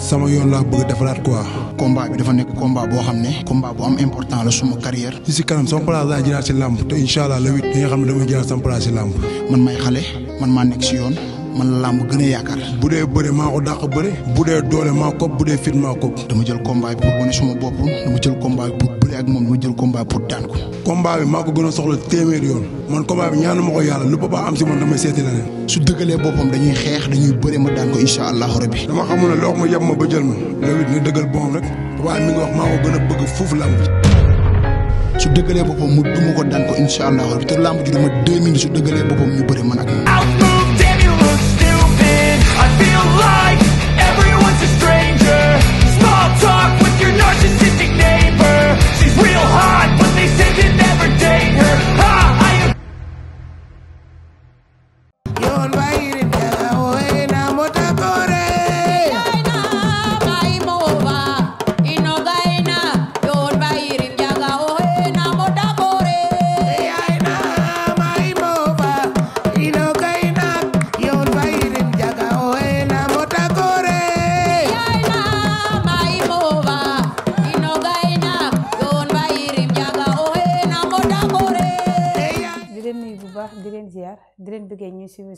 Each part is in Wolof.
sama yoon laa bëgg defaraat quoi. combat bi dafa nekk combat boo xam ne. combat bu am important la suma carrière. si si kanam sama place laa jëlaat si làmb te incha allah le huit. nga xam ne damay jëlaat sama place si làmb. man may xale man maa nekk si yoon. man la làmb gën a yaakaar bu dee bëre maa ko dàq bëre bu dee doole maa ko bu dee fit maa ko dama jël combat bi pour wane bopp dama jël combat bi pour moom dama jël combat pour daan ko combat bi maa ko gën a soxla téeméer yoon man combat bi ñaanu ma ko yàlla lu papa am si man damay seeti la leen su dëggalee boppam dañuy xeex dañuy bëre ma daan ko incha allahu rabbi dama xamul ne loo yem ma ba jël ma loolu dina dëggal boom rek papa mi ngi wax maa ko gën a bëgg mu duma ko daan ko incha allah te lamb ji dama deux minutes su dëggalee boppam ñu bëri man ak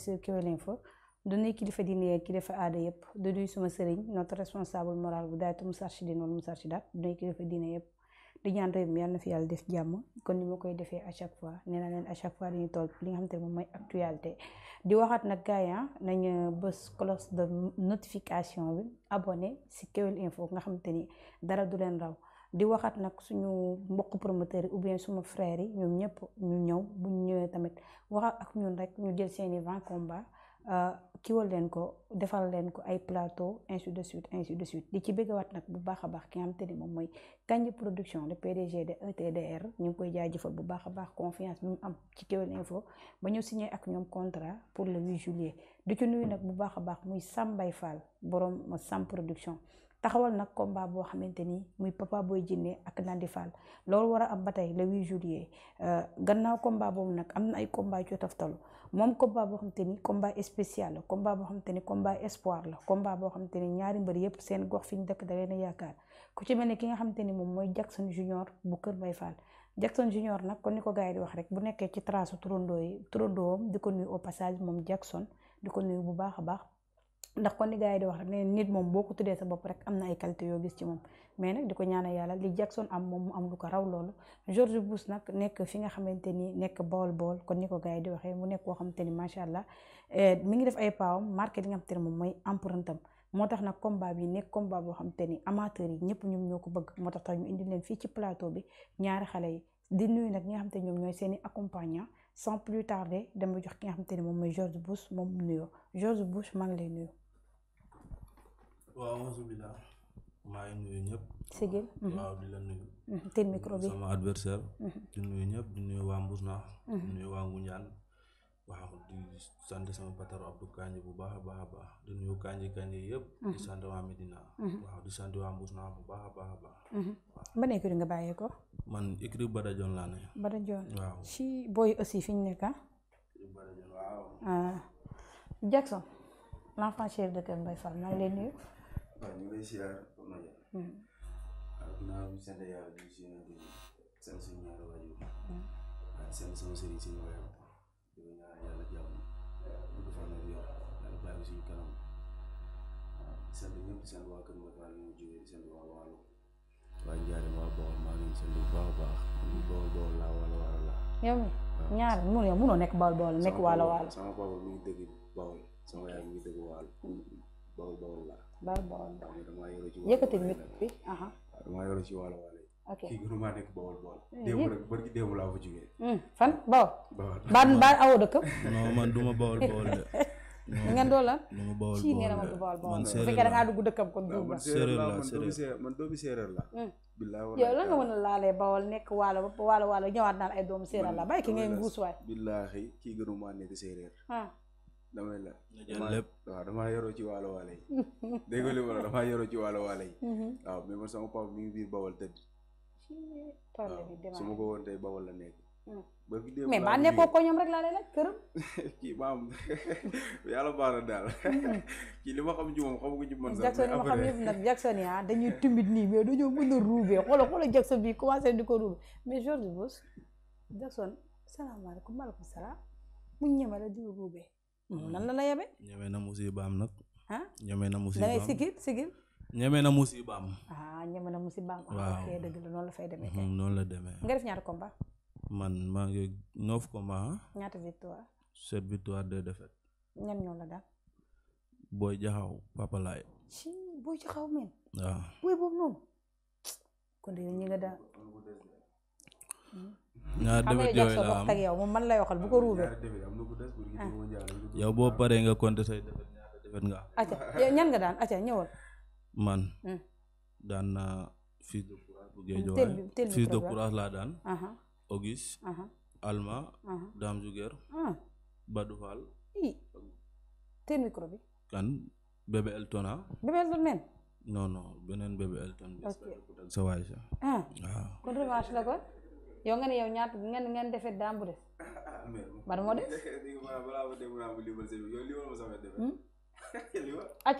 site Kewel Info du nuyu kilifa diine yeeg kilifa aada yëpp du nuyu suma sëriñ notre responsable moral bu daaytu Moustarchidine wal Moustarchidaat du nuyu kilifa diine yëpp di ñaan réew mi yàlla na fi def jàmm kon ni ma koy defee à chaque fois nee naa leen chaque fois dañuy toog li nga xam te moom mooy actualité. di waxaat nag gars yi ah, nañu bës cloche de notification bi abonné si Kewel Info nga xamante ni dara du leen raw di waxaat nag suñu mbokk promoteurs yi ou bien suma frères yi ñoom ñëpp ñu ñëw bu ñu ñëwee tamit wax ak ñun rek ñu jël seeni vingt combat Euh, kiwal leen ko defal leen ko ay plateau ainsi de suite ainsi de suite di ci bëggawaat nag bu baax a baax ki nga xamante ni moom mooy Kandji production le PDG de ETDR ñu ngi koy jaajëfal bu baax a baax confiance bi mu am ci Kewel Info ba ñu signé ak ñoom contrat pour le 8 juillet di ci nuyu nag bu baax a baax muy Sam Mbaye boroom borom Sam production taxawal nag combat boo xamante ni muy Papa booy jinnee ak Nandi Fall loolu war a am ba tey le 8 juillet euh, gannaaw combat boobu nag am na ay combat yu moom combat boo xamante ni combat spécial la combat boo xamante ni combat espoir la combat boo xamante ni ñaari mbër yëpp seen gox fi dëkk da leen a yaakaar ku ci mel ne ki nga xamante ni moom mooy Jackson Junior bu Kër Mbaye Fall Jackson Junior nag kon ni ko gars yi di wax rek bu nekkee ci trasu turandoo yi turandoowam di ko nuyu au passage moom Jackson di ko nuyu bu baax a baax ndax kon ni nit moom boo ko tuddee sa bopp rek am na ay qualité yoo gis ci moom mais nag di ko ñaanal yàlla li Jackson am moom mu am lu ko raw loolu George Bush nag nekk fi nga xamante ni nekk bool bool kon ni ko gars di waxee mu nekk koo xamante ni macha allah eh, mi ngi def ay paawam marqué li nga xamante moom mooy empruntam moo tax nag combat yi nekk combat boo xamante ni amateur yi ñëpp ñoom ñoo ko bëgg moo tax tax ñu indi leen fii ci plateau bi ñaari xale yi di nuyu nag ñi nga xamante ñoom ñooy seen i accompagnant sans plus tarder dama jox ki nga moom mooy George Bush moom nuyoo George Bush maa ngi lay nuyu. waaw alhamdulilah. maa ngi nuyu ñëpp. Sigil. waaw di la mm-hmm. nuyu. Mm-hmm. teel micro sama adversaire. Mm-hmm. di nuyu ñëpp di nuyu waa Mbourna. di nuyu waa Ngunjaan. waaw di sant sama pataro Abdou Kanji bu baax a baax a baax di nuyu Kanji Kanji yëpp. di sant waa Medina. waaw di sant waa Mbourna bu baax a baax a baax. ban écurie nga bàyyee ko. man écurie Badajon laa ne. Badajon waaw si booy aussi fi ñu ah? ah. Jackson l'enfant chéri de Kër Mbaye maa ngi lay nuyu. waaw ñu ngi lay ziar ba ma yàlla. waaw dinaa ñu sant yàlla di si ñu di sant suñu ñaari waajur. Hmm. waaw sant sama sëriñ si ñu waayam di ko ñaan yàlla jàmm di ko fanal yor yàlla bàyyi suñu kanam waaw sant ñëpp sant waa kër Mbacar ñu ngi jógee sant waa Waalo. waa Ndiaye waa Bawol maa ngi sant bu baax a baax ñu Bawol Bawol laa wala wala laa. yow ñaar mun yow munoo nekk Bawol Bawol nekk Waalo Waalo. sama papa mi ngi dëgg Bawol sama yaay mi ngi dëgg Waalo hmm. Bawol Bawol laa. bal bool yëkkati mic bi aha damaa yoro ci wàllu wàll ok kii gënumaa nekk bawol bawol eh, démb nag bërki démb laa dëkkam kon duub la séeréer la man doomi séeréer hmm. la billaay wala yow a ngay nguus waay billaahi kii gënumaa nekk séeréer hmm. damay la lépp waaw damaa yoroo ci walo waale yi dégg nga li ma la damaa yoroo ci walo waale yi mhm. waaw mais man sama su ma ko woon tey bawal la nekk mm. ba fi dee mais nekkoo ko rek laa lay këram kii maam yàlla baax na daal mhm. kii xam ci xam ko ci Jackson ah, dañuy timbit nii mais dañoo mën a ruubee xoola xoola Jackson bi commencé di ko ruube mais George Bush Jackson salaamaaleykum maaleykum salaam mu ñeme la di ruubee moom nan la la yabe. ñeme na musibaam nag. ñeme na musibaam da ngay sigil sigil. ñeme na musibaam. ah ñeme na musibaam. Ah, waaw ok dëgg la noonu la fay demee mhm, kay. noonu la demee. nga def ñaata combat. man maa ngi neuf combat. Ah. ñaata victoire. sept victoire deux défaites. ñan ñoo la daal. Boy Jaxaw Papa Laay. ci Boy Jaxaw men. ñaari défaite yooyu la am man lay waxal bu ko ruubee. Ah. yow boo paree nga compter say défaite ñaari nga am. acca ñëwal. man. Hmm. daan naa fils de courage laa daan. Auguste. Alma. Dame Juguer. Ah. Badou Fall. teel kan bébé Elton ah. bébé Elton men. non beneen bébé Elton. ok sa waay sa. Ah. waaw. yow nga ne yow ñaata ngeen ngeen defee daa am bu des. bari moo des. Hmm?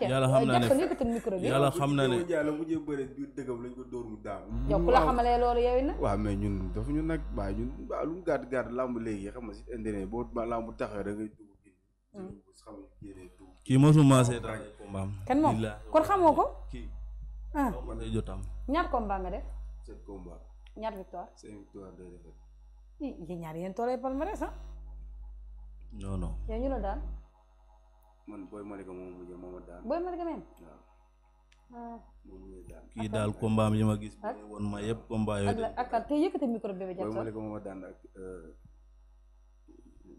yàlla xam na ne yàlla xam na ne. yow ku la xamalee loolu yooyu nag. waaw mais ñun dafa ñu nag waaye ñun waaw lu mu gàtt gàtt làmb léegi xam nga si internet boo làmb taxawee da ngay dugg. Hmm. kii mosuma seetaan combat am. kan moom kon xamoo ko. ah ñaar combat nga def. sept combat. ñaar victoire. cinq victoire deux défaites. yéen ñaar yéen tollee palmarès ah. non non. yaa ñu la daan. man Boy Malika moom mu jël moom a daan. Boy Malika même. waaw. moom mu daan. kii daal combat am yi ma gis. ak woon ma yëpp combat yooyu. ak la ak ak te yëkkati micro bébé Jackson. Boy Malika moom a daan ak.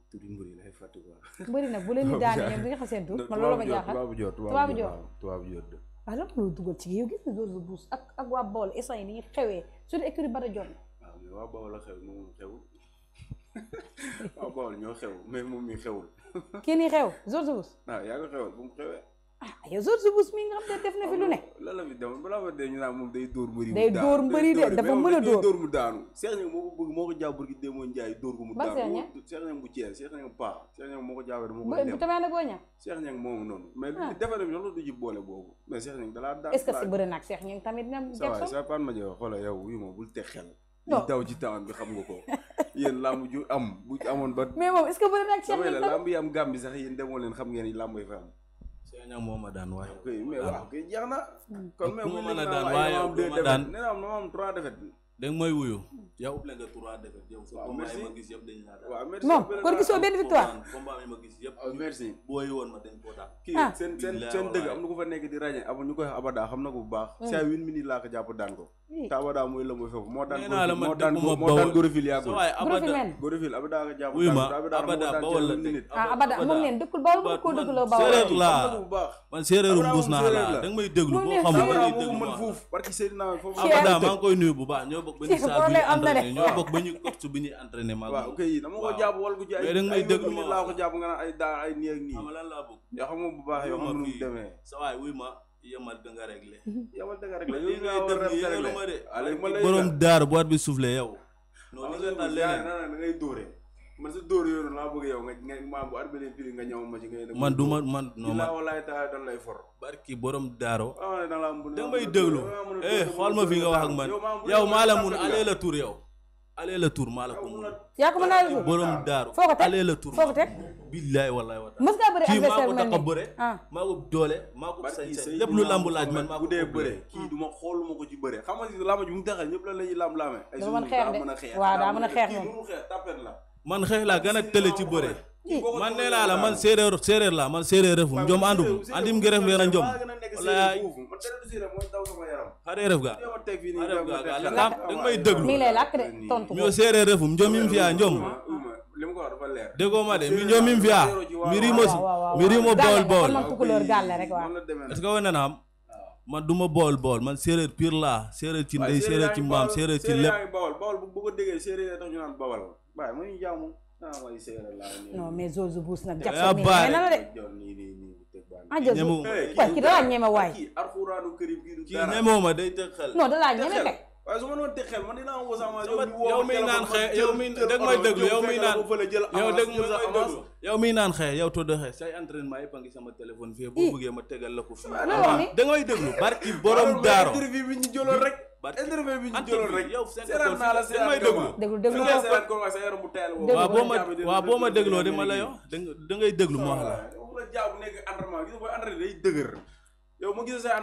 tuuti mbir yi lay fàtte quoi. mbir nag bu leen di daane ngeen di nga xam seen tur. man loolu ma jaaxal tubaabu joor tubaabu joor tubaabu joor. waaw lan moo dugal ci yow gis nga George Bush ak ak waa Bawol instant yi ni ñu xewee. suñu écurie Bada Dione. waaw mais waa Bawol la xew moom xew waa Bawol ñoo xew mais moom mi xewul. kii xew George Bush. yaa ngi xewal bu mu xewee. ah yow George Bush mi nga xam te def na fi lu ne. Ah, lan la fi def balaa ma dee ñu naan moom day door mbëri. day dóor mbëri de dafa mën a dóor dóor mu daanu. Cheikh Niang moo mu daanu. bu Thiès Cheikh Niang Paa Cheikh moo ko jàppee dama ko. bu tamit nag boo ñaax. Cheikh noonu. mais defe naa loolu du ci boole boobu. mais Cheikh Niang dalaa daan. est-ce que si bëri nag Cheikh Niang tamit na. jàpp sa waay sa Pane Madiaye xoolal yow yu ma bul teg xel. non daw ci taan bi xam nga ko yéen làmb ju am bu amoon ba. mais moom est-ce que bëri nag Cheikh Niang làmb leen xam ngeen ni làmb ñaŋ moo a daan waaye. Ah. waaw ko mais waaw na. Mm. kon mais bu ma la daan waaye bu ma daan danga may wuyu. yow ëpp nga trois défaites yow. waaw merci combat yi ma gis yëpp dañu laa waaw merci moom kon gisoo benn victoire. combat yi ma gis yëpp. merci booy woon ma dañ koo daal. kii ah. seen seen seen dëgg am na ku fa nekk di ràññee abu ñu koy abada xam na ko bu baax. Hmm. saa moom neen dëkkul bawol moom koo dëkkuloo bawol. séeréer laa man séeréeru mbuus naa laa danga may déglu boo xamul danga abada maa koy nuyu bu baax bokk ba ñu saal bi ñuy entraîné ñoo bokk ba ñu coach bi ñuy entraîné maa waaw kay dama ko jàpp wal ko ci ay laa ko jàpp nga naan ay daa ay nii ak nii xam lan laa bëgg yoo xam bu baax yoo xam demee sa waay wuy ma yemal da nga réglé yemal da nga réglé yow nga war a réglé ma de borom daar boîte bi soufflé yow non li nga tax leneen da ngay dóoree man sa dóor yooyu yow nga nga nga ñëw ma ci ngay. man du ma man non man walaay taa dañ lay for. barki borom daaro. Ah, da may déglu eh xool ma fi nga wax ak man yow maa la mun alee la tur yow. alee la tur maa la ko mun. a ko mën naa ko la tur. foo ko teg billaay wa taala. mës ngaa bëri adversaire mel nii kii a bëre. maa ko doole maa ko lu lamb laaj man maa ko dee bëre kii du xool ma ko ci bëre xam nga si lamb ji mu taxal ñëpp lan la ñuy lamb laame. ay daa a xeex de waaw daa mën a xeex moom la man xeex laa gën a ci bëre man nee laa la man séeréer séeréer laa man séeréer refum njom àndum andim ngi ref leena mi séeréer refum njom mi njom yim mi rimo mi rimo bool que wane na am man du ma bool bool man séeréer pire laa séeréer ci ndey séeréer ci mbaam séeréer ci lépp waaye muy jàmm ah mooy séeréer laa non mais Zozo Bouss nag. jackson ah, mi nee na la de. ah Zozo waaye ki da laa ñeme waay. kii arfuraanu ma day tëkkal. non da laa ñeme kay. waaye su ma doon teg xel man dinaa am Ousama. yow miy naan xee yow miy dégg may déglu yow miy naan yow dégg may déglu yow miy naan xee yow tëdd xee say entraînement yëpp a ngi sama téléphone fii boo eh. bëggee ma tegal la ko fii. Ah, da ngay déglu barki borom daaro interview bi ñu jëloon rek. interview bi ñu jëloon rek yow bu naa la seetaan may déglu déglu waaw boo ma waaw boo ma dégloo di ma la yow da ngay déglu moo xam la. yow ma gis a.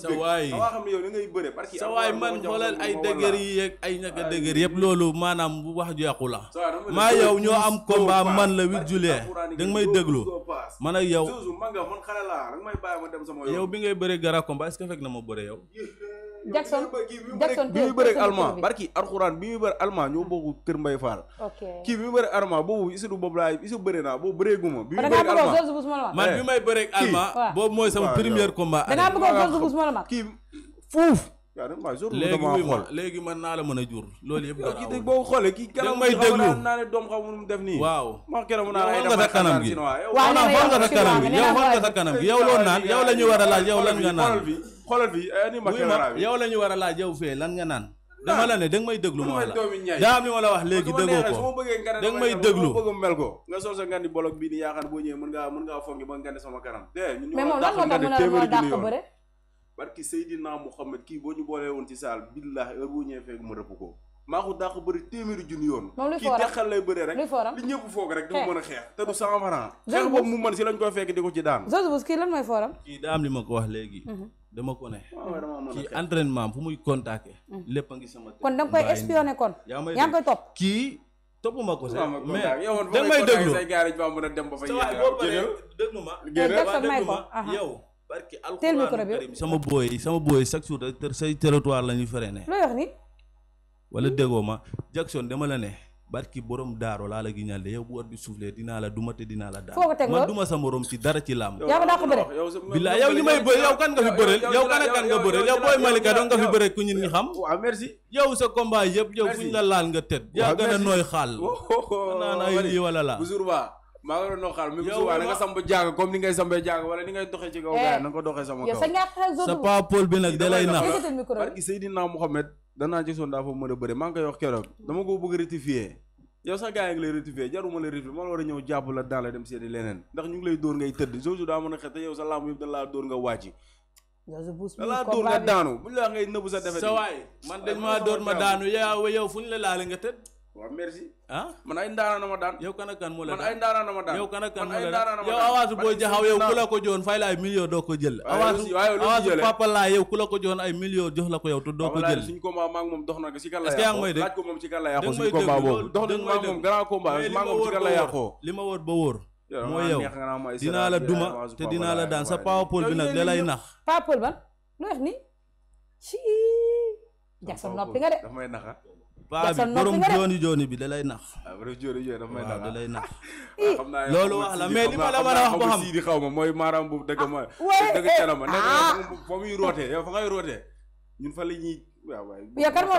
sa waay damaa xam ne yow ni ngay bëre parce que sa waay man xoolal ay dëgër yi yeeg ay ñaka dëgër yëpp loolu maanaam bu wax ju yàqu la. maa yow ñoo am combat man la 8 juillet da nga may déglu man ak yow. yow bi ngay bëre gara combat est-ce que fekk na ma bëre yow. Jackson Jackson bi muy bëreeg allemand barki alxuraan bi muy bëreeg allemand ñoo bokk Kër Mbaye Fall. ok kii bi muy bëreeg allemand boobu Issaoui boobu laa Issaoui bëree naa boobu bëreeguma. bi muy bëreeg allemand man bi may bëreeg allemand. boobu mooy sama première combat. danaa kii fuuf. léegi man naa la mën a jur loolu yëpp dara awul boo xoolee kii kanam may déglu naa ne doom xaw mu def nii waaw ma naa xool nga sa kanam gi xool nga sa kanam gi yow xool nga sa kanam gi yow loolu naan yow la war a laaj yow lan nga naan xoolal eh, bi ni ma yow la ñu war a laaj lan nga naan. dama la ne da nga may déglu ma la daa da nga may déglu bëgg mel ko nga sol sa ngandi bolog bii ni yaakaar boo ñëwee mën ba ngandi sama kanam mais moom la a xeex te du daa am li ma ko wax léegi mhm. dama ko ne. kii entraînement fu muy contacter. Mm. lépp a ngi sama. kon da nga kon. yaa ngi koy topp kii. toppuma ko sax mais da eh, may déglu déglu ma. déglu ma yow. parce que alxuraan sama booy sama booy chaque jour say territoire la ñuy freiné. looy wax ni. wala déggoo ma Jackson dama la ne. barki borom daaro laa la giñal de yow bu war bi soufflé dinaa la duma te dinaa la daan man duma sa morom ci dara ci làmb yaa ma daa ko bëre bilaa yow ñu may bëre yow kan nga fi bëreel yow kan ak kan nga bëreel yow booy malika doo nga fi bëre ku ñun ñi xam waaw sa combat yëpp yow fu ñu laal nga tëdd yaa gën a nooy xaal oh, oh, oh, naan ay na nga samp jàng comme ni ngay sampee jàng wala ni ngay doxee ci kaw eh, gaay na nga sama kaw sa paa Paul bi nag da lay nax barki Seydina Mohamed danaa Jackson daa fa mën a bëre maa ngi koy wax keroog dama ko bëgg rectifier yow sax gars yi ngi lay rectifier jaruma la rectifier ma la war a ñëw jàpp la daal dem seeti leneen ndax ñu ngi lay dóor ngay tëdd Jojo daa mën a xet sa làmb yëpp dañ laa dóor nga wàcc da laa dóor la ngay nëbb sa defe sa waay man dañ maa dóor ma daanu yow yow fu ñu nga tëdd waaw merci. ah man ay ndaanaan ma daan. yow kan ak kan moo la daan man ay ndaanaan ma daan. yow kan ak kan moo la daan yow avance booy jaxaw yow ku la ko joxoon fay la ay million doo ko jël. avance avance papa ku la ko joxoon ay million jox la ko yow te doo ko jël. na si kan la yàqoo laaj ko moom si li ma wóor ba wóor mooy yow dinaa la duma te dinaa la daan sa powerpool bi nag da lay nax powerpool ban lu wax ni ci jackson noppi nga de paa bi borom jooni jooni bi da lay nax. ah borom jooni jooni dafa may nax da lay ah, loolu wax la mais li la war a wax ba xam di ma mooy maaraam ah, ah. yow fa ngay rootee la yow kan man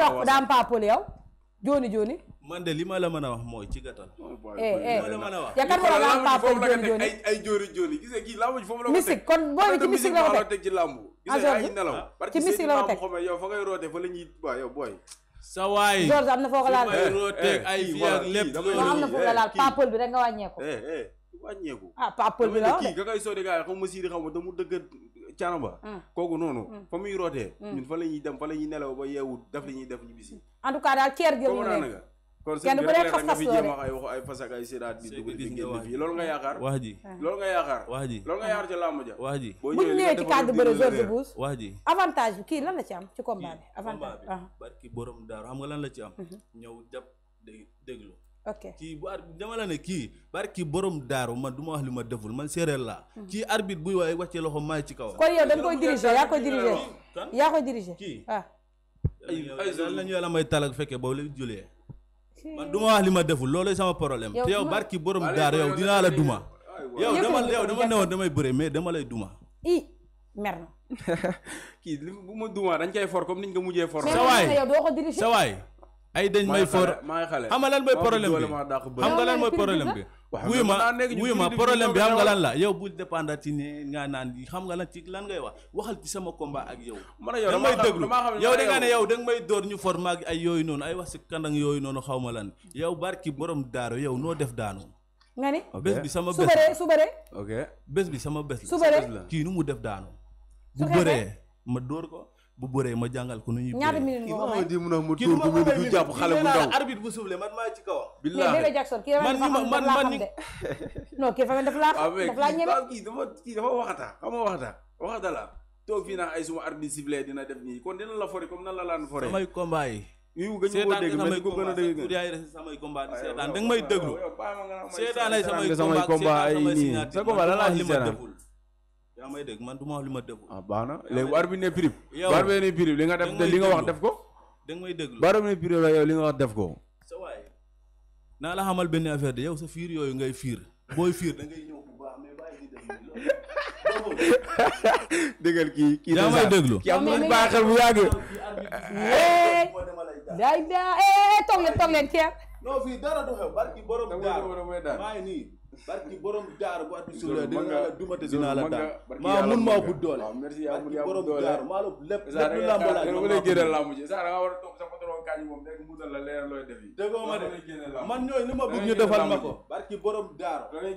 la mën a wax mooy ci gàttal. Oh, eh, eh. li ma la a wax. booy sa waay George am na foo ko laal eh, eh, ay fii ak lépp am na foo ko eh, laal papal bi rek nga wàññeeku wàññeeku ah papal bi la kii ka koy sori gaa yi xaw ma siidi damu dëgg canaba hmm. kooku noonu hmm. fa muy rootee hmm. ñun fa la dem fa la ñuy nelaw ba yeewu daf li ñuy def ñu bisi en tout cas daal ceer gi mu ne kenn bu dee xas-xas loolu nga yaakaar. wax ji ah. loolu nga yaakaar. wax ji loolu nga yaakaar ci làmb ja. wax ji bu ñu ñëwee ci cadre bëre George Bush. wax ji avantage bi kii lan la ci am ci combat bi. avantage bi ah. barki xam nga lan la ci am. Mhm. ñëw jàpp déglu. ok kii bu ar dama ne kii barki borom daaru man du ma wax li ma deful man séeréer laa. Mhm. kii arbitre buy waaye wàccee loxo maay ci kaw. kon yow da nga koy diriger yaa koy diriger. yaa koy diriger kii. Ah. ay ay zone la ñu yàlla may fekkee boobu la julee man duma wax li ma deful loolu sama problème. te yow barki borom daar yow dinaa la duma. yow dama yow dama newoon damay bëre mais dama lay duma. i mer na. kii bu ma duma dañ koy for comme niñ ko mujjee for. sa waay sa waay ay dañ may for. maa ngi xale xam nga lan mooy problème bi xam nga lan mooy problème bi. wuyu ma wuyu ma problème bi xam nga lan la yaw bu dépendre ci ne nga naan xam nga lan ci lan ngay wax waxal ci sama combat ak yow. man yow danga may déglu yow ne yow danga may dóor ñu forme ak ay yooyu noonu ay wax si kandang yooyu noonu xaw ma lan yow barki borom daaro yow noo def daanu. nga ni bés bi sama bés la su bëree ok bés bi sama bés la. su bëree kii nu mu def daanu. bu bëree ma dóor ko. bu bëree ma jàngal ko nu ñuy. ñaari minute nga ko may kii ma ma kii ma ma may minute kii ma arbitre bu soufflé man maa ci kawam. billahi mais Bébé Jackson kii man man man man non kii dafa laa ñeme xam nga waxata waxata la toog fii naa ay suma arbitre sifflé dina def nii kon dina la fore comme nan la laan fore. samay combat yi. a seetaan da may déglu seetaan ay samay combat seetaan samay signature sa combat la laa seetaan yaa may man du ma wax li ma déglu. ah baax na léegi war bi ne prime. yow war bi li nga def li nga wax def ko. da nga may bi ne la yow li nga wax def ko. sa naa la xamal benn affaire de yow sa fiir yooyu ngay fiir booy fiir da ngay ñëw bu baax mais bàyyi di def dëggal kii kii daa may déglu kii am nañu baaxal bu yàgg. barki borom daaru bu addu suuf la dinaa la dumata dinaa la daan maa mun maa bu doole barki borom daaru maa la lépp lépp lu làmb laa dama lay génneel làmb ji saa da nga war a toog sa patron man ñooy li ma bëgg ñu defal ma ko barki borom daaru da ngay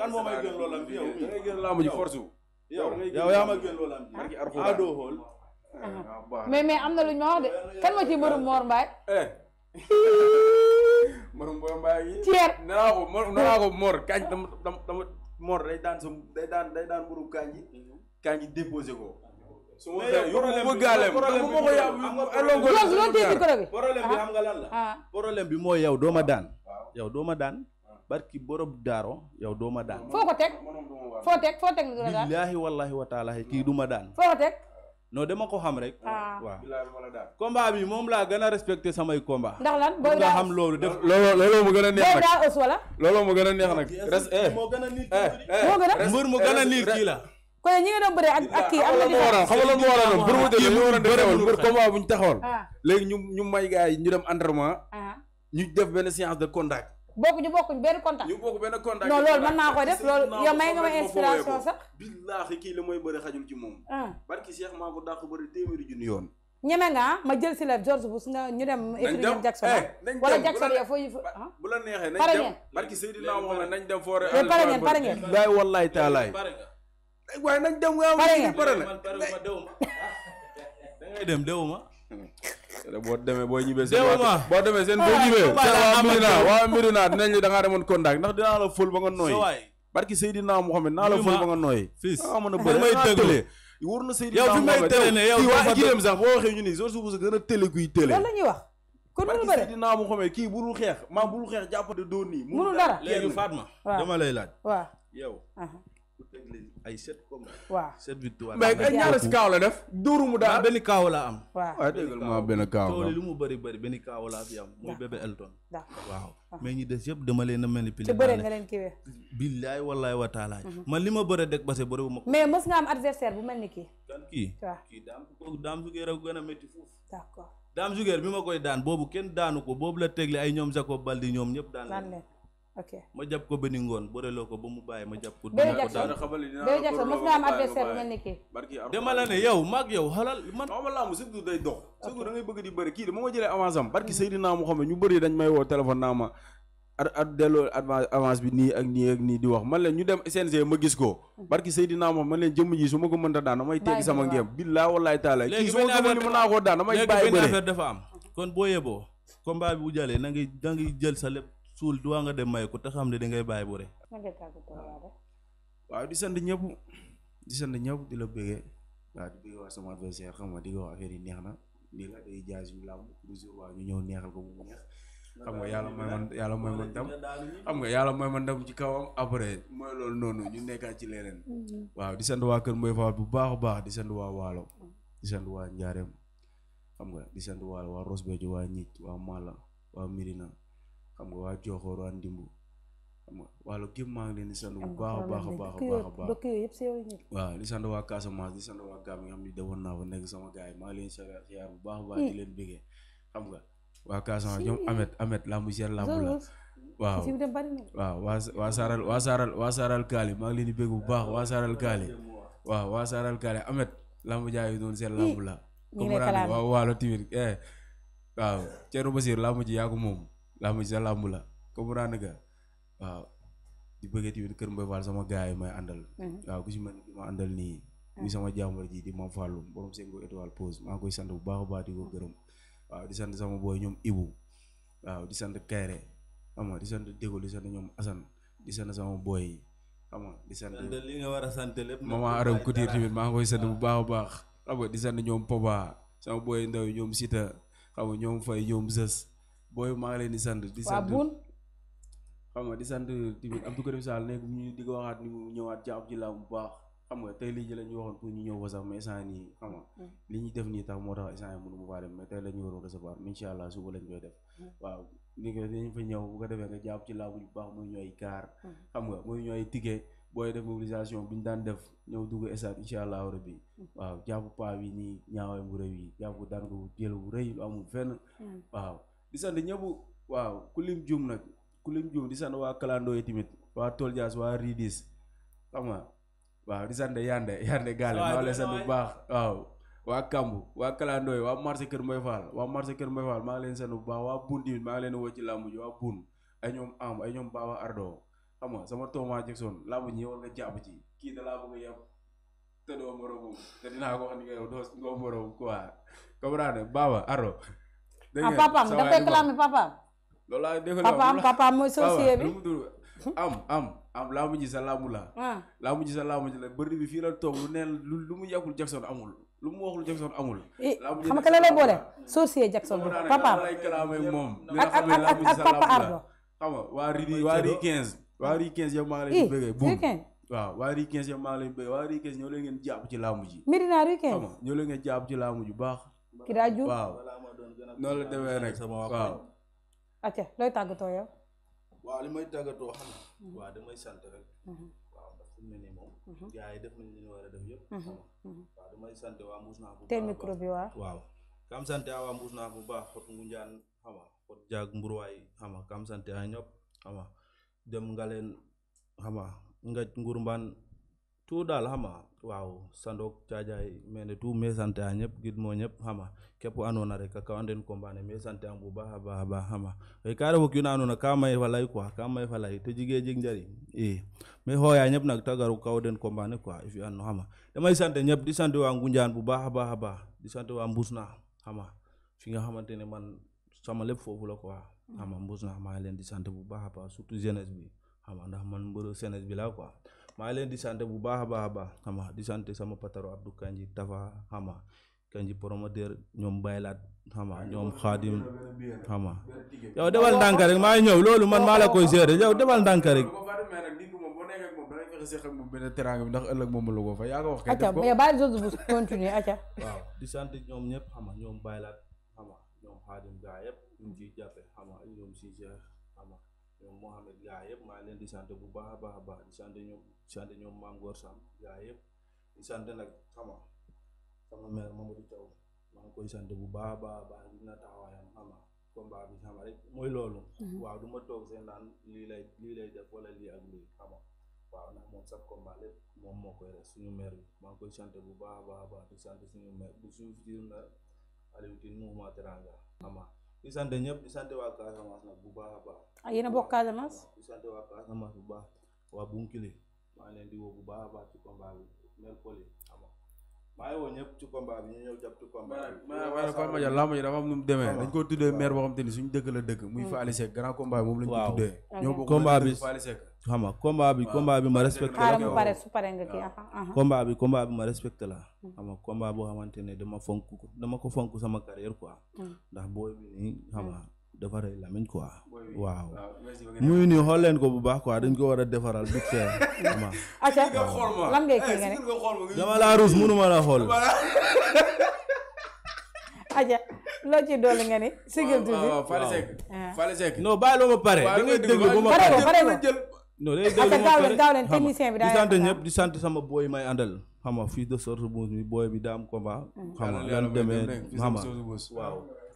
kan moo may génn loolu ma génn loolu ah. ah, am lu ñu ma kan ma ci mbërum Mor mënum booy mbaay yi. ceer nee naa ko mor nee naa ko mor kañ dama dama mor day daan sam day daan day daan mburu kañ yi. kañ yi déposé ko. su ma ko gàllankoor problème bi ah. xam nga lan la. Ah. problème bi mooy yow doo ma daan. yow doo ma daan. barki borom daaro yow doo ma daan. foo ko teg foo teg foo teg. billaahi wallaahi wa kii du daan. foo ko teg. non dama ko xam rek. Ah. waaw combat bi moom laa gën a respecté samay combat. ndax lan booy nga xam loolu def. looloo looloo mu gën a neex nag booy daa looloo mu gën a neex nag. res eh, moo gën a niir eh, kii eh, mbër mu gën a niir la. kon ñi nga doon bëree ak kii ah, am na waroon xam nga lan moo waroon pour mu def ñu waroon defewal combat bu ñu taxawal. Ah. léegi ñu ñu may gars yi ñu dem entraînement. ñu def benn séance de contact bokkuñu bokkuñu benn ñu bokk benn contact non loolu mën naa ko def loolu yow may nga ma inspiration sax. billaahi kii la mooy bëri xajul ci moom. Ah. barki Cheikh maa ko dàq bëri téeméeri junni yoon. ñeme nga ma jël si la George Bush nga ñu dem. nañ dem Jackson eh, wala Jackson ya fooy. Ah? bu la neexee nañ dem pare ngeen. barki Seydina Muhammad nañ dem foore. mais pare ngeen pare ngeen. laay wallaay taalaay. waaye nañ dem nga. pare ngeen pare na. da dem dewuma. boo demee boo ñibbee seen boo demee seen boo ah, ñibbee waa mbiri naa waa mbiri naa dinañ li da ngaa contact ndax dinaa la fël ba nga nooy barki Seydina Mohamed naa la fël ba nga nooy anga mën a a télé kuy télé loolu la ñuy wax kon mënu bëre Seydina Mohamed kii burul xeex maa xeex jàppante doon nii mënu dara léegi Fatma dama lay laaj waaw yow ay sept combats. waaw sept victoire. mais ay ñaar si kaaw la def. duuru mu daal benn kaaw laa am. waaw dégg nga benn kaaw la am lu mu bëri bëri benn kaaw laa fi am. muy bébé Elton. waaw ah. mais ñi des yëpp dama leen a mel ni. pili bëre billaay wallaay wa taalaay. Mhm. man li ma bëre dëgg parce que bëre bu ma. mais mës nga am adversaire bu mel ni kii. kan kii. waaw kii daam ko daam gën a métti foofu. d'accord daam su bi ma koy daan boobu kenn daanu ko boobu la tegle ay ñoom Jacob Baldi ñoom ñëpp daan leen ok ma jàpp ko benn ngoon bëreloo ko ba mu bàyyi ma jàpp ko. dina ko daan Béy Jackson mos nga am adversaire mel ni kii. dama la ne yow maag yow xalal man. xaw ma laamu surtout day dox. Ah, surtout da ngay bëgg di bëri kii dama ma jëlee avance am. barki Seydina Muhammad ñu bëri dañ may woo téléphone naa ma. at at delloo avance avance bi nii ak nii ak nii di wax man leen ñu dem CNG ma gis ko. Hmm. barki Seydina Muhammad man leen jëmm ji su ma ko mënta daan damay teggi sama ngéem. billaa wallaay taala kii su ma ko mën mën naa koo daan damay bàyyi bëre léegi benn affaire dafa am kon boo yeboo combat bi bu jàllee na ngay jël sa lépp suul duwaa nga dem may ko te xam ne dangay bàyyi bu re waaw di sant ñëpp di sant ñëpp di la bëggee waaw di bëggee waa sama adversaire xam nga di ko affaire yi neex na lii la day ñu ñëw neexal ko bu mu neex yàlla mooy man yàlla mooy man dam xam nga yàlla mooy man dam ci kawam après mooy loolu noonu ñu nekkaat ci leneen mm-hmm. waaw di sant waa Kër Mboy Fall bu baax a baax di sant waa Waalo di waa Njaareem xam nga di sant waa waa Ross Béthio waa xam nga waa Joxoor waa Ndimbu xam nga wàllu gépp maa ngi leen di sant bu baax a baax a baax a baax waaw di sant waa Casamance di sant waa Gàmbi nga xam ni demoon naa fa nekk sama gars yi maa ngi leen siyaar bu baax a baax di hmm. leen bëggee xam nga waa Casamance ñoom Amet Amet lambu seen lambu la waaw waaw waa waa saaral waa saaral waa saaral kaali maa ngi leen di bëgg bu baax waa saaral kaali waaw waa saaral kaali Amet lambu jaay doon seen lambu hmm. la comme waaw waalo timit eh. waaw Thierno Basir lambu ji yaa ko moom làmb sa làmb la comprendre waaw di bëggee tamit kër Mbaye Fall sama gars yi may àndal. Mm-hmm. waaw ku si ni ma àndal nii. muy mm-hmm. sama jàmbar ji di Mame Fallou borom Sengo étoile pause maa koy sant bu baax a baax di ko gërëm. waaw di sant sama booy di sant Kayre xam nga di sant Dégol di di sant sama war a sant lépp. maman maa ngi koy bu baax a baax xam nga di sant ñoom Poba sama booy ndaw ñoom Sita xam nga ñoom Faye ñoom Zës. booy maa leen di sant. di sant xam nga di sant tamit Abdou Karim Sall nekk ñu di ko waxaat ni mu ñëwaat jàpp ci laa bu baax xam nga tey lii ji la ñu waxoon pour ñu ñëw ba sax mais instant nii xam nga. Mm. li ñuy def nii tax moo tax instant yii mënu mu faa dem mais tey la ñu war a recevoir incha allah suba lañ koy def. Mm. waaw ni ko dañ fa ñëw bu ko defee nga jàpp ci làmb bu baax muy ñooy kaar. Mm. xam nga muy ñooy tige. booy def mobilisation bi ñu daan def ñëw dugg esat incha allahu rabbi waaw jàpp paa bi nii ñaawaay bu rëy yi jàpp daan ko jël bu rëy lu amul fenn waaw di sant ñëpp waaw ku lim nag ku lim di sant waa kalandoo yi waa Tool Dias waa Ridis xam waaw di sant Yande Yande Gale maa lay sant bu baax waaw. waa Kambu waa kalandoo waa marché Kër Mboy Fall maa ngi leen sant bu baax waa Bun tamit maa ngi leen woo làmb ji waa Bun ay ñoom am ay ñoom Baba Ardo xam sama Thomas Jackson làmb ji war nga ci kii da laa bëgg a te doo moromu te dinaa ko wax ni nga doo doo moromu quoi comprendre Baba dégg ah, nga papaam da koy clamé papaam. loolu laa dégg papaam papaam laa mujj sa laa. laa mujj la bëri bi fii la toog lu neen lu mu yàqul Jackson amul. lu mu waxul Jackson amul. Eh, xam nga lan lay boole. sorcier Jackson bi papaam ak ak ak nga waa Rii waa Rii 15. waa Rii 15 yow maa ngi leen eh, bëggee. waaw waa Rii 15 yow maa ngi leen di bëggee ngeen jàpp ci laamu ji. Medina Rii 15 xam nga ngeen jàpp ci laamu ji baax. ki daa jur noonu la demee nag sama wax waaw acca looy tàggatoo yow waaw li may tàggatoo xam nga mhm. waaw damay sant rek mhm. waaw ndax fu mhm. a def damay sant waa mbuus naa bu baax te micro bi waaw waaw kam sant waa mbuus naa bu baax xot ngu njaan xama xot jaag mburuwaay xama kam sant a ñop dem nga leen xama nga ngurumbaan tout daal xama waaw sandok cajay mene tout me sante a ñëpp moo ñëpp xama képp andoona rek a kawanden combane me sante am bu baax a baax a baax xama e eh, ka refo kiin andoona ka may fa lay quoi ka may fa lay te jigee jeg njariñ i eh. mais xooya ñëpp nag tagaru kaw kawden combane quoi i fi'an no xama damay sante ñëpp di sante waa Ngunjaan bu baax a baax a baax di sante waa mbuus naa xamaa fi nga xamante ne man sama lépp foofu la quoi xama naa maa leen di sante bu baax a baax surtout jeunesse bi xama ndax man mbër jeunesse bi la quoi maa ngi leen di sant bu baax a baax baax xam nga di sant sama pataro Abdou Kanji Tafa xam nga Kanji promoteur ñoom baylaat xam nga ñoom xaadim xam nga yow defal ndànk rek maa ngi ñëw loolu man maa la koy gérer yow defal ndànk rek. acca mais bàyyi chose bu continuer acca. waaw di sant ñoom ñëpp xam nga ñoom baylaat xam nga ñoom xaadim gaa yëpp ñu ciy jàppe xam nga ñoom si xam nga yëpp maa leen di sant bu baax a baax a baax sant si ànd ñoom maam Góor Sam gaa yëpp di sant nag xam sama mère bu baax baax mhm. ma toog seen naan lii lay lii lay koy rek sant bu baax baax baax di sant suñu mère bu suñu fiir na Aliou Tine mouvement Teranga xam nga di sant ñëpp di sant waa Casamance nag bu baax a baax. ah yéen a Casamance. di sant waa Casamance bu baax waa Bunkile. maa ngi leen di woo bu a baax ci ñëpp ci combat bi ñu ñëw jàpp ci combat nu mu demee dañ ko tuddee maire boo xam ni suñu dëkk la dëkk. muy mm. Faly Seck grand combat bi moom lañ ko tuddee. ñoo bi xam nga combat bi combat bi ma respecté la. xaaral bi combat bi la. xam nga combat boo xamante ne dama fonk dama ko fonk sama ko quoi. Mm. ndax booy bi nii xam nga dafa rëy lamiñ quoi. waaw ah, muy nii xool leen ko bu baax quoi dañ ko war a defaral big fee. acca lan ngay kii eh, nga ne dama laa ruus mënuma la xool. aja loo ci dolli nga ni bi di sant ñëpp di sant sama booy may àndal xam fii de sorte bouse mi booy bi daa am combat mm. xam demee xam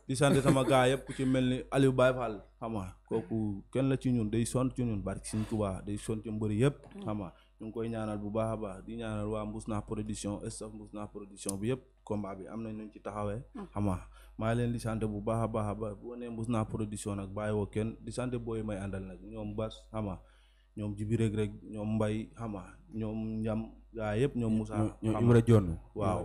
di sant sama gaa yëpp ku ci mel ni Aliou Baye Fall xam nga kooku kenn la ci ñun day sont ci ñun barki Sëñ Tuubaa day sont ci mbëri yëpp xam nga ñu ngi koy ñaanal bu baax a baax di ñaanal waa Mbus Nax production staff Mbus Nax production bi yëpp combat bi am nañ ñu ci taxawee xam nga maa leen di sant bu baax a baax a baax boo nee Mbus Nax production nag bàyyi woo kenn di sant booy may àndal nag ñoom Bas xam nga ñoom Jibi Rek Rek ñoom Mbay xam nga ñoom Njam gaa yëpp ñoom Moussa ñoom Ibra Dione waaw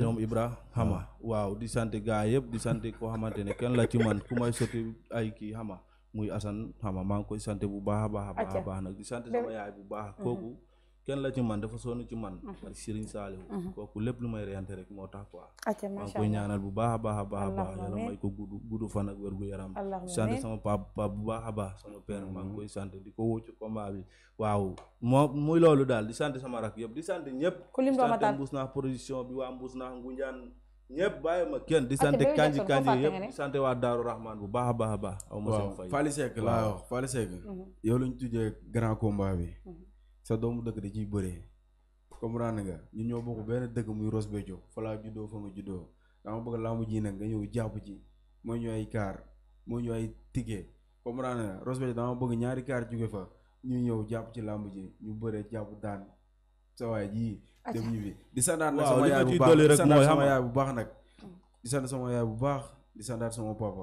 ñoom Ibra xama waaw di sant gaa yëpp di sant koo xamante ne kenn la ci man ku may sotti ay kii xama muy Assane xama maa ngi koy sant bu baax a baax a baax nag di sant sama yaay bu baax kooku kenn la ci man dafa sonn ci man mhm. ak Serigne mhm. moo tax quoi maa ngi koy ñaanal bu baax a baax a baax a may ko gudd gudd fan ak wér gu yaram sant sama pap pap bu baax a baax sama père maa ngi mhm. koy sant di ko wócc combat bi waaw moo muy loolu daal di sant sama rak yëpp di sant ñëpp di sant mbuus naax production bi waa mbuus naax ngunjaan ñëpp bàyyi ma kenn di sant kanji kanji yëpp di sant waa Daaru Rahman bu baax a baax a baax aw ma seen fay Fally Seck laa wax Fally Seck yow lañ tuddee grand combat sa doomu dëkk di ciy bëree comprendre nga ñu ñoo bokk benn dëkk muy Ross Béthio fa laa juddoo fa nga juddoo dama bëgg laamu ji nag nga ñëw jàpp ji mooy ñu ay kaar moo ñëw ay ticket comprendre nga Ross Béthio dama bëgg ñaari kaar jóge fa ñu ñëw jàpp ci làmb ji ñu bëree jàpp daan sa waay ji dem ñu bi di sandaat nag sama yaay bu baax nag mm. di sant sama yaay bu baax di sandaat sama papa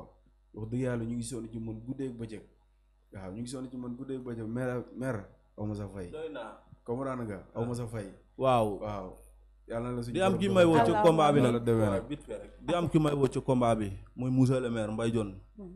wax dëgg yàlla ñu ngi sonn ci man guddeeg bëccëg waaw ñu ngi sonn ci man guddeeg bëccëg mer mer aw ma sa fay. comprendre nga waaw waaw. yàlla na la di am ki may woo ci combat bi nag di am ki may woo ci bi muy monsieur le maire Mbaye Dione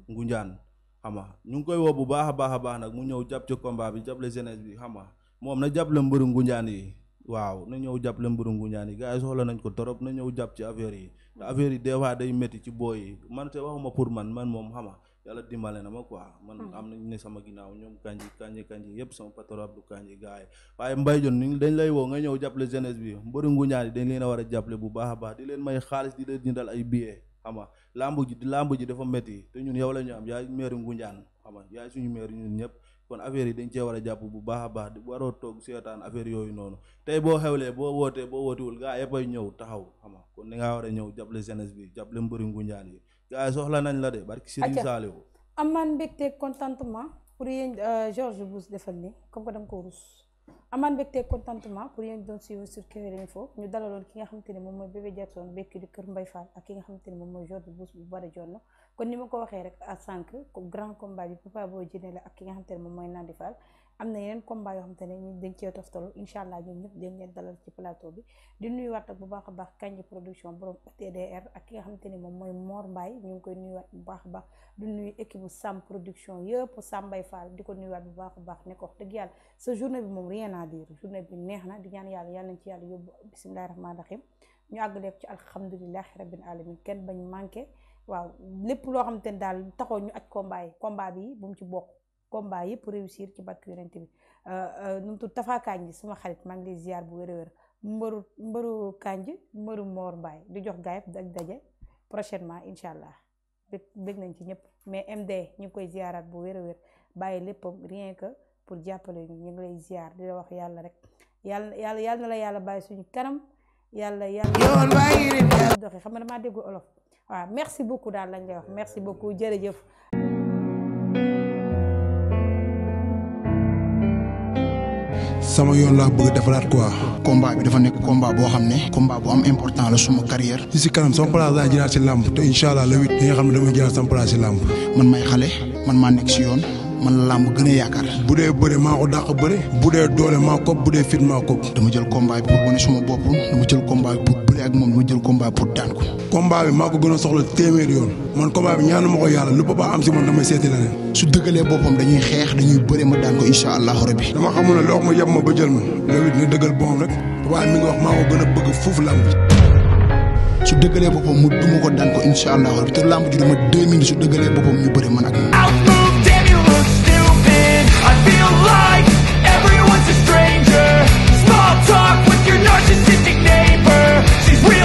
Ngoundiane xam nga ñu ngi koy woo bu baax a baax a baax nag mu ñëw jàpp ci combat bi jàppale jeunesse bi xam nga moom na jàppale mbëru Ngoundiane yi waaw na ñëw jàppale mbëru Ngoundiane yi gars yi soxla nañ ko trop na ñëw jàpp ci affaire yi te affaire yi des fois day métti ci booy yi man te waxuma pour man man moom xam yàlla dimbale na ma quoi man hmm. am nañ ne sama ginnaaw ñoom kanji kanji kanji yëpp sama patorab du kanji gars yi waaye mbay jon ni dañ lay woo nga ñëw jàppale jeunesse bi mbëri nguñaan yi dañ a war a jàppale bu baax baax di leen may xaalis di leen ay billets xam nga lamb ji lamb ji dafa métti te ñun yow la ñu am yaay maire nguñaan xam nga yaay suñu maire ñun ñëpp kon affaire yi dañ cee war a jàpp bu baax a baax waroo toog seetaan affaire yooyu noonu tey boo xewlee boo wootee boo wootiwul gaa ñëw taxaw xam kon ni ngaa war a ñëw jàppale jeunesse bi jàppale mbëri nguñaan yi gaay soxla nañ la de barki Serigne Saliou amaan mbégte contentement pour yéen euh, Georges Bouss defal ni comme que dama ko rus amaan mbégte contentement pour yéen doon suivre sur Kewel Info ñu dalaloon ki nga xamante moom mooy bébé Jackson bekki di kër Mbaye Fall ak ki nga xamante ne moom mooy Georges Bouss bu bare joon kon ni ko waxee rek à sànq grand combat bi Papa Boy Djiné la ak ki nga xamante ne moom mooy Nandi Fall am na yeneen combat yoo xam te ne ñu dañ cee toftalu incha allah ñun ñëpp dañ leen dalal ci plateau bi di nuyuwaat ak bu baax a baax Kandji production borom e TDR ak ki nga xam te ne moom mooy moor Mbaye ñu ngi koy nuyuwaat bu baax a baax di nuyu équipe Sam production yëpp Sam Mbaye Fall di ko nuyuwaat bu baax a baax ne ko wax dëgg yàlla sa journée bi moom rien a dire journée bi neex na di ñaan yàlla yàlla nañ ci yàlla yóbbu bisimilahi rahmaani rahim ñu àgg lépp ci alhamdulilahi rabbil alamin kenn bañ manqué waaw lépp loo xam te ne daal taxoo ñu aj combat yi bi bu mu ci bokk combat yëpp réussir ci barke yonent bi euh, euh, nu mu tudd Tafa bi suma xarit maa ngi lay bu wér a wér mbëru mbëru Kanji mbëru Mor Mbaye di jox gaay yëpp ak daje prochainement incha allah bëgg nañ ci ñëpp mais MD ñu ngi koy ziaraat bu wér a wér bàyyi léppam rien que pour jàppale ñu ñu ngi lay ziar di la wax yàlla rek yàlla yàlla yàlla na yàlla bàyyi suñu kanam yàlla yàlla. yoon bàyyi doxee xam nga damaa dégg olof merci beaucoup daal lañ lay wax merci beaucoup jërëjëf. sama yoon laa bëgg defaraat quoi. combat bi dafa nekk combat boo xam ne. combat bu am important la suma carrière. ci si kanam sama place laa jëlaat si làmb te incha allah le huit. nga xam ne damay jëlaat sama place si làmb. man may xale man maa nekk si yoon. man làmb gën a yaakaar bu dee bëre maa ko dàq bëre bu dee doole maa ko bu dee fit maa ko dama jël combat bi pour wane suma bopp dama jël combat bi pour moom dama jël combat bi pour daan ko combat bi maa ko gën a soxla téeméer yoon man combat bi ñaanu ma ko yàlla lu papa am si man damay seeti leneen su dëggalee boppam dañuy xeex dañuy bëre ma daan ko incha allahu rabbi bi xamul ne loo ma yab ma ba jël ma loolu it na dëggal boppam rek papa mi ngi a bëgg foofu làmb su dëggalee boppam mu duma ko daan ko incha allahu rabbi te làmb ju dama deux minutes su dëggalee boppam ñu bëre man ak She's real